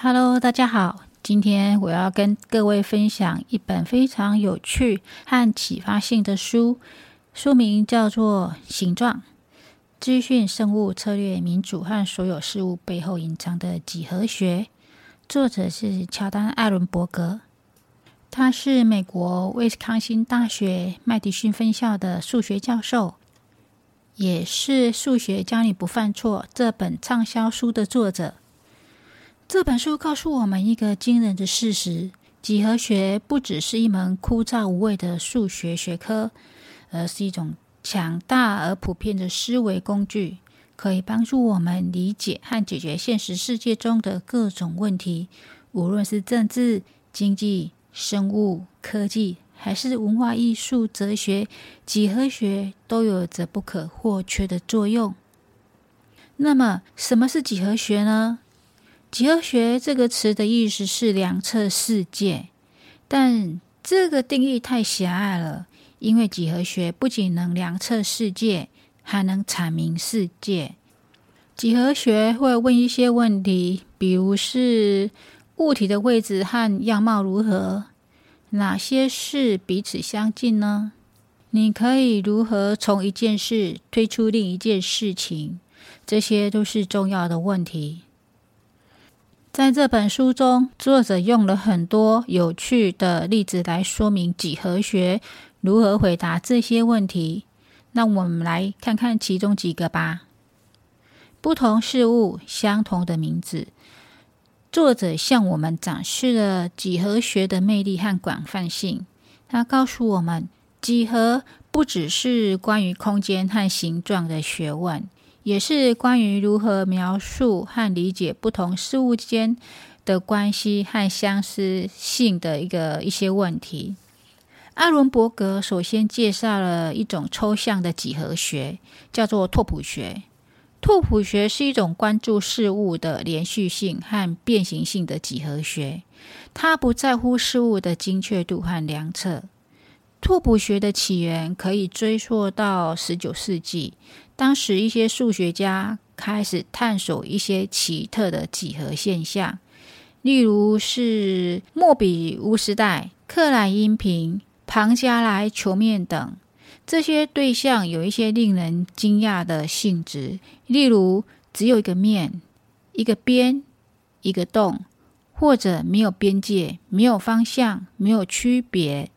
Hello，大家好！今天我要跟各位分享一本非常有趣和啟發性的書，書名叫做《形狀：資訊、生物、策略、民主和所有事物背後隱藏的幾何學》。作者是喬丹·艾倫伯格，他是美國威斯康星大學麥迪遜分校的數學教授，也是《數學教你不犯錯》這本暢銷書的作者。這本書告訴我們一個驚人的事實：幾何學不只是一門枯燥無味的數學學科，而是一種強大而普遍的思維工具，可以幫助我們理解和解決現實世界中的各種問題。無論是政治、經濟、生物科技，還是文化藝術、哲學，幾何學都有着不可或缺的作用。那麼，什麼是幾何學呢？幾何學這個詞的意思是量測世界，但這個定義太狹隘了，因為幾何學不僅能量測世界，還能闡明世界。幾何學會問一些問題，比如是物體的位置和樣貌如何，哪些事彼此相近呢？你可以如何從一件事推出另一件事情？這些都是重要的問題。在這本書中，作者用了很多有趣的例子來說明幾何學如何回答這些問題。那我們來看看其中幾個吧。不同事物相同的名字，作者向我們展示了幾何學的魅力和廣泛性。他告訴我們，幾何不只是關於空間和形狀的學問。也是關於如何描述和理解不同事物間的關係和相似性的一個一些問題。阿倫伯格首先介紹了一種抽象的幾何學，叫做拓撲學。拓撲學是一種關注事物的連續性和變形性的幾何學，它不在乎事物的精確度和量測。拓撲學的起源可以追溯到十九世紀，當時一些數學家開始探索一些奇特的幾何現象，例如是莫比烏斯帶、克萊因瓶、龐加萊球面等。這些對象有一些令人驚訝的性質，例如只有一個面、一個邊、一個洞，或者沒有邊界、沒有方向、沒有區別。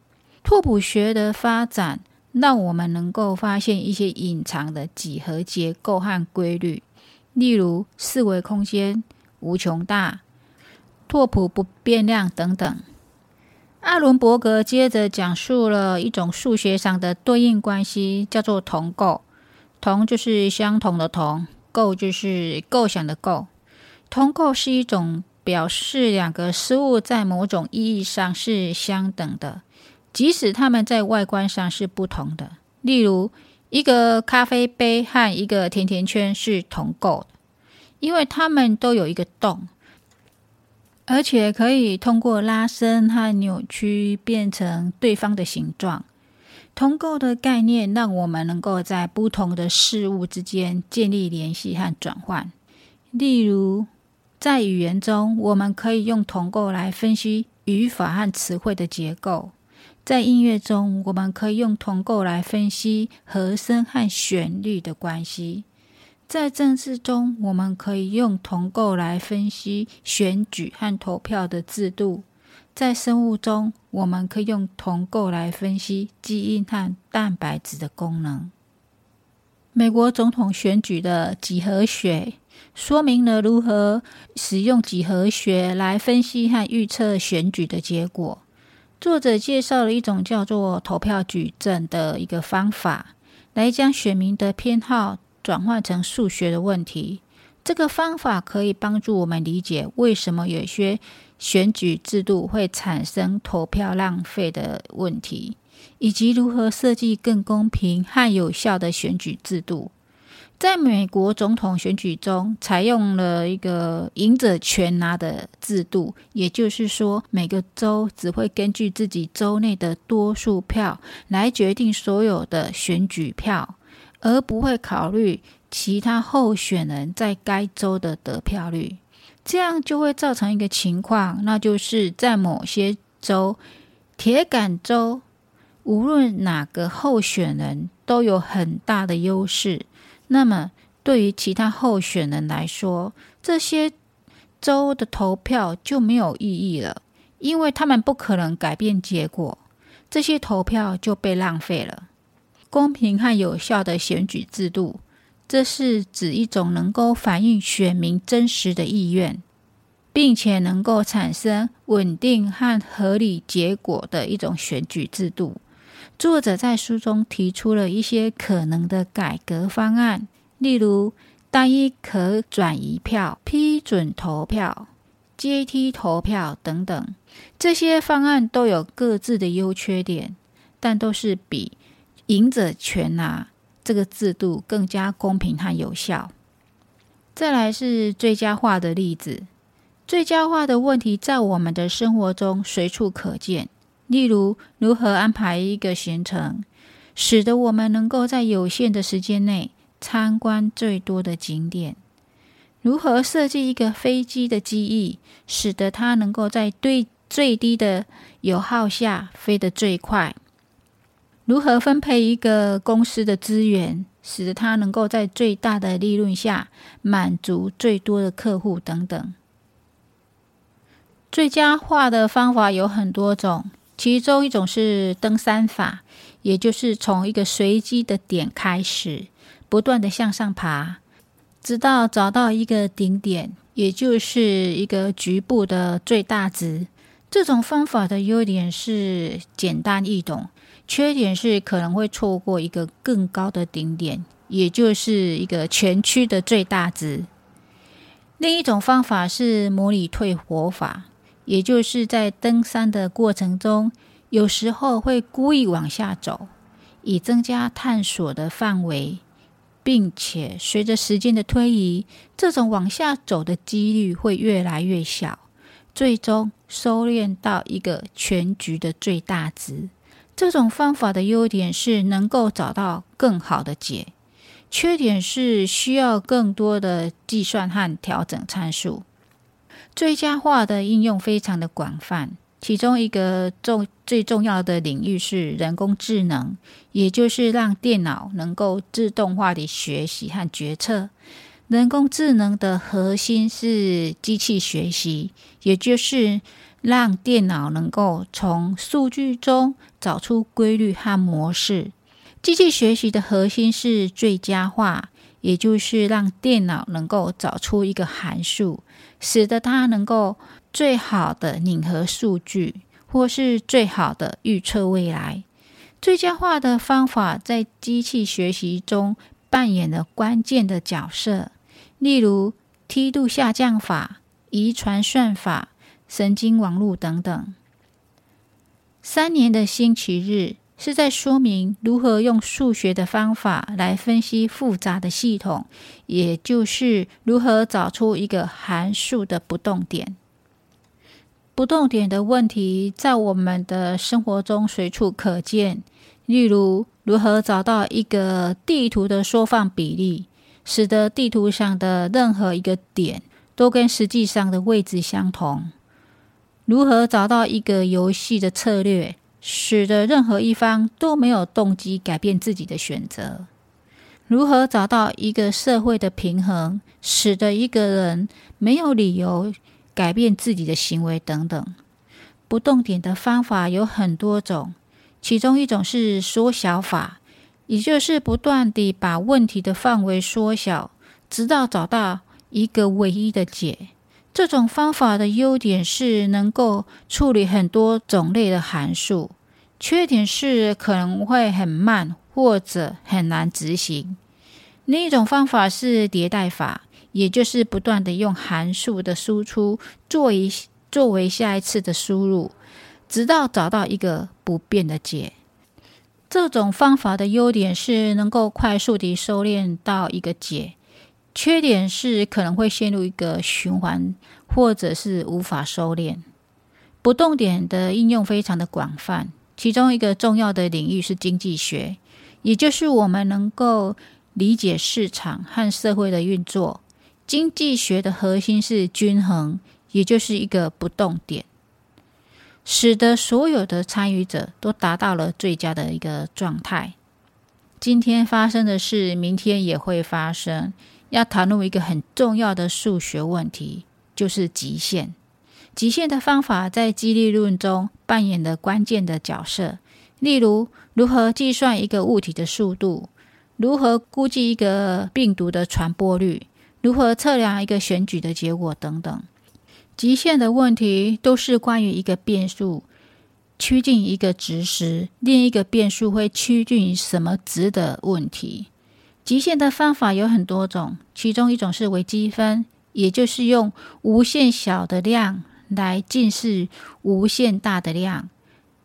拓撲學的發展讓我們能夠發現一些隱藏的幾何結構和規律，例如四維空間、無窮大、拓撲不變量等等。艾倫伯格接着講述了一種數學上的對應關係，叫做同構。同就是相同的同，構就是構想的構。同構是一種表示兩個事物在某種意義上是相等的。即使它們在外觀上是不同的，例如一個咖啡杯和一個甜甜圈是同構的，因為它們都有一個洞，而且可以通過拉伸和扭曲變成對方的形狀。同構的概念讓我們能夠在不同的事物之間建立聯繫和轉換。例如，在語言中，我們可以用同構來分析語法和詞彙的結構。在音樂中，我們可以用同構來分析和聲和旋律的關係；在政治中，我們可以用同構來分析選舉和投票的制度；在生物中，我們可以用同構來分析基因和蛋白質的功能。美國總統選舉的幾何學，說明了如何使用幾何學來分析和預測選舉的結果。作者介紹了一種叫做投票矩陣的一個方法，來將選民的偏好轉換成數學的問題。這個方法可以幫助我們理解為什麼有些選舉制度會產生投票浪費的問題，以及如何設計更公平和有效的選舉制度。在美國總統選舉中，採用了一個“贏者全拿”的制度，也就是說，每個州只會根據自己州內的多數票來決定所有的選舉票，而不會考慮其他候選人在該州的得票率。這樣就會造成一個情況，那就是在某些州，鐵桿州，無論哪個候選人都有很大的優勢。那麼，對於其他候選人來說，這些州的投票就沒有意義了，因為他們不可能改變結果，這些投票就被浪費了。公平和有效的選舉制度，這是指一種能夠反映選民真實的意願，並且能夠產生穩定和合理結果的一種選舉制度。作者在書中提出了一些可能的改革方案，例如單一可轉移票、批准投票、階梯投票等等。這些方案都有各自的優缺點，但都是比贏者全拿這個制度更加公平和有效。再來是最佳化的例子，最佳化的問題在我們的生活中隨處可見。例如，如何安排一個行程，使得我們能夠在有限的時間內參觀最多的景點？如何設計一個飛機的機翼，使得它能夠在最最低的油耗下飛得最快？如何分配一個公司的資源，使得它能夠在最大的利潤下滿足最多的客戶，等等。最佳化的方法有很多種。其中一種是登山法，也就是從一個隨機的點開始，不斷的向上爬，直到找到一個頂點，也就是一個局部的最大值。這種方法的優點是簡單易懂，缺點是可能會錯過一個更高的頂點，也就是一個全區的最大值。另一種方法是模擬退火法。也就是在登山的過程中，有時候會故意往下走，以增加探索的範圍，並且隨着時間的推移，這種往下走的幾率會越來越小，最終收斂到一個全局的最大值。這種方法的優點是能夠找到更好的解，缺點是需要更多的計算和調整參數。最佳化的應用非常的廣泛，其中一個重最重要的領域是人工智能，也就是讓電腦能夠自動化的學習和決策。人工智能的核心是機器學習，也就是讓電腦能夠從數據中找出規律和模式。機器學習的核心是最佳化，也就是讓電腦能夠找出一個函數，使得它能夠最好的擬合數據，或是最好的預測未來。最佳化的方法在機器學習中扮演了關鍵的角色，例如梯度下降法、遺傳算法、神經網絡等等。三年的星期日。是在說明如何用數學的方法來分析複雜的系統，也就是如何找出一個函數的不動點。不動點的問題在我們的生活中隨處可見，例如如何找到一個地圖的縮放比例，使得地圖上的任何一個點都跟實際上的位置相同，如何找到一個遊戲的策略。使得任何一方都沒有動機改變自己的選擇，如何找到一個社會的平衡，使得一個人沒有理由改變自己的行為等等。不動點的方法有很多種，其中一種是縮小法，也就是不斷地把問題的範圍縮小，直到找到一個唯一的解。這種方法的優點是能夠處理很多種類的函數，缺點是可能會很慢或者很難執行。另一種方法是迭代法，也就是不斷的用函數的輸出作為作為下一次的輸入，直到找到一個不變的解。這種方法的優點是能夠快速的收斂到一個解。缺點是可能會陷入一個循環，或者是無法收斂。不動點的應用非常的廣泛，其中一個重要的領域是經濟學，也就是我們能夠理解市場和社會的運作。經濟學的核心是均衡，也就是一個不動點，使得所有的參與者都達到了最佳的一個狀態。今天發生的事，明天也會發生。要談論一個很重要的數學問題，就是極限。極限的方法在機率論中扮演了關鍵的角色。例如，如何計算一個物體的速度，如何估計一個病毒的傳播率，如何測量一個選舉的結果等等。極限的問題都是關於一個變數，趨近一個值時，另一個變數會趨近於什麼值的問題。極限的方法有很多種，其中一種是微積分，也就是用無限小的量來近似無限大的量。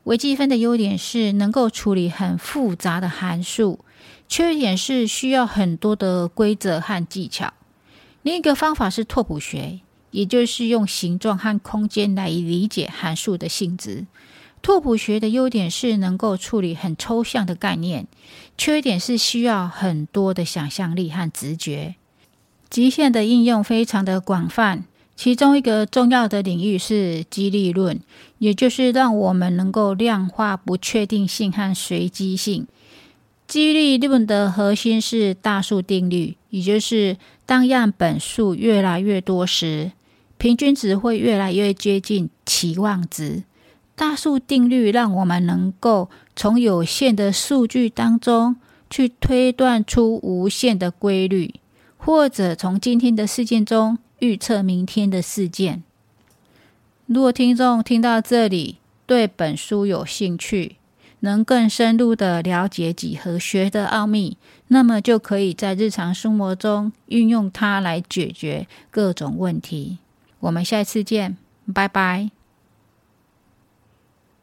微積分的優點是能夠處理很複雜的函數，缺點是需要很多的規則和技巧。另一個方法是拓撲學，也就是用形狀和空間來理解函數的性質。拓撲學的優點是能夠處理很抽象的概念，缺點是需要很多的想象力和直覺。極限的應用非常的廣泛，其中一個重要的領域是幾率論，也就是讓我們能夠量化不確定性和隨機性。幾率論的核心是大數定律，也就是當樣本數越來越多時，平均值會越來越接近期望值。大數定律讓我們能夠從有限的數據當中去推斷出無限的規律，或者從今天的事件中預測明天的事件。如果聽眾聽到這裡對本書有興趣，能更深入的了解幾何學的奧秘，那麼就可以在日常生活中運用它來解決各種問題。我們下一次見，拜拜。